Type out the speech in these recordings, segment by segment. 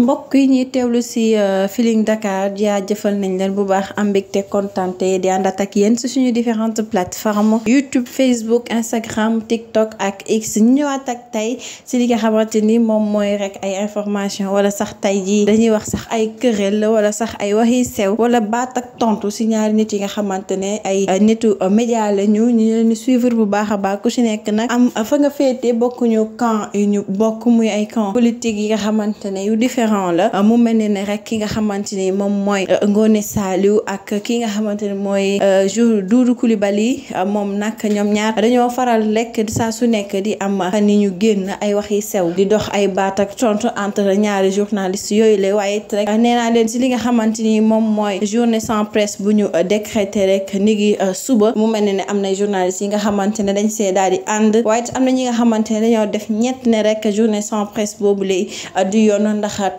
mbokk yi ñuy teewlu si euh, Feeling Dakar jaajëfal nañ leen bu baax am mbégte kontaan te di àndaat ak yéen si suñu différentes plateformes YouTube Facebook Instagram TikTok ak X ñëwaat ak tey si li nga xamante ni moom mooy rek ay information wala sax tey jii dañuy wax sax ay querelle wala sax ay waxi sew wala baatak tontu si ñaari nit yi nga xamante ne ay euh, nitu euh, média la ñu leen suivre bu baax a baax ku si nekk nag am fa nga féete bokkuñu camp yu ñu bokk muy différent la euh, mu mel ni ne rek ki nga xamante ni moom mooy euh, Ngone Saliou ak ki nga xamante ni mooy euh, jour Doudou Coulibaly moom nag ñoom ñaar dañoo faral lekk saa su nekk di am a ni ñu génn ay wax yi sew di dox ay baat ak tontu entre ñaari journaliste yooyu la waaye it rek nee leen si li nga xamante ni moom mooy journée sans presse bu ñu décrété rek ni ngi suba mu mel ni am na journaliste yi nga xamante ne dañ see daal di ànd waaye it am na ñi nga xamante ne dañoo def ñett ne rek journée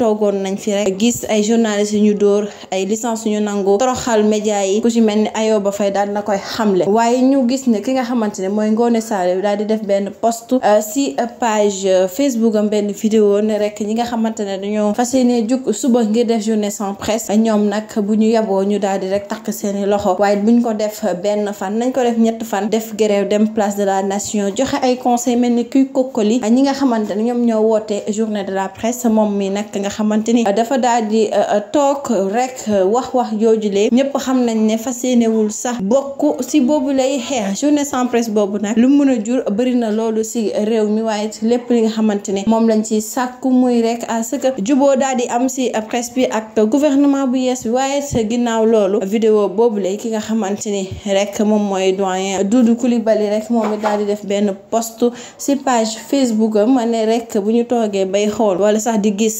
toogoon nañ fi rek gis ay journalistes yu ñu dóor ay licence yu ñu nangu toroxal média yi ku ci mel ni Ayoba Faye daal na koy xamle waaye ñu gis ne ki nga xamante mooy Ngoné Saliou daal di def benn post euh, si page euh, Facebook am benn vidéo ne rek ñi nga xamante ne dañoo fas yéene jug suba ngir def journée sans presse ñoom nag bu ñu yaboo ñu daal di rek takk seeni loxo waaye buñ ko def benn fan nañ ko def ñett fan def grève dem place de la nation joxe ay conseil mel ni kuy kokkoli ñi nga xamante ñoom ñoo woote journée de la presse moom mi nag nga xamante ni dafa daal di euh, euh, toog rek euh, wax wax jooju joojulee ñëpp xam nañ ne fas yéenewul sax bokk si boobu lay xeex journée sans presse boobu nag lu mun a jur bëri na loolu si réew mi waaye lépp li nga xamante ne moom lañ ci sàkku muy rek à ce que juboo daal di am si presse bi ak gouvernement bu yees bi waaye sa ginnaaw loolu vidéo boobu lay ki nga xamante ni rek moom mooy doyen Doudou Coulibaly rek moom it daal di def benn post si page Facebook am ne rek bu ñu toogee bay xool wala sax di gis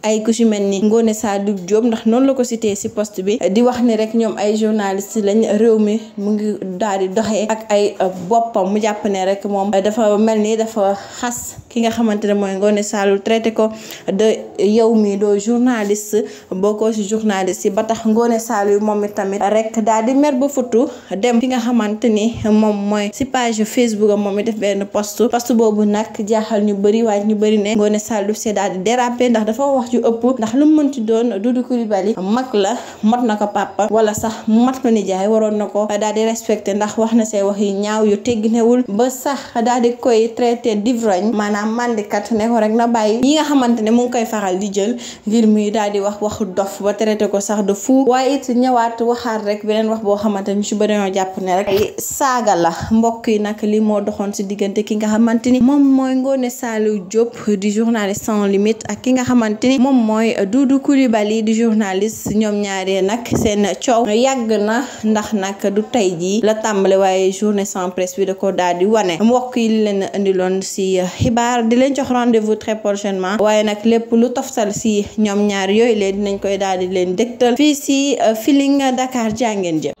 ay ku ci mel ni Ngone Sadio Diop ndax noonu la ko cité ci poste bi di wax ni rek ñoom ay journaliste lañ réew mi mu ngi daal di doxee ak ay euh, boppam mu jàpp ne rek moom euh, dafa mel ni dafa xas ki nga xamante ne mooy Ngone Sadio traité ko de yow mi doo journaliste bokkoo ci journaliste yi ba tax Ngone Sadio moom it tamit rek daal di mer ba futu dem fi nga xamante ni moom mooy ci page Facebook moom it def benn post post boobu nag jaaxal ñu bari waaye ñu bëri ne Ngone Sadio c'est daal di ndax dafa wax yu ëpp ndax lu mu mënti doon Doudou Coulibaly mag la mat na ko papa wala sax mat na nijaay waroon na ko daal di respecté ndax wax na say wax yu ñaaw yu tegginewul ba sax daal di koy traité d'ivrogne maanaam mandikat ne ko rek na bàyyi ñi nga xamante ne mu koy faral di jël ngir muy daal di wax waxu dof ba traité ko sax de fou waaye it ñëwaat waxaat rek beneen wax boo xamante ne su ba dañoo jàpp ne rek saaga la mbokk yi nag li moo doxoon si diggante ki nga xamante ni moom mooy Ngoné Saliou Diop di journaliste sans limite ak ki nga xamante ni moom mooy Doudou lii di journaliste ñoom ñaaree nag seen coow yàgg na ndax nag du tey jii la tàmbale waaye journée sans presse bi da ko daal di wane mbokk yi li leen indiloon si xibaar di leen jox rendez-vous très prochainement waaye nag lépp lu toftal si ñoom ñaar yooyu leen dinañ koy daal di leen dégtal fii si euh, Feeling Dakar ngeen jëf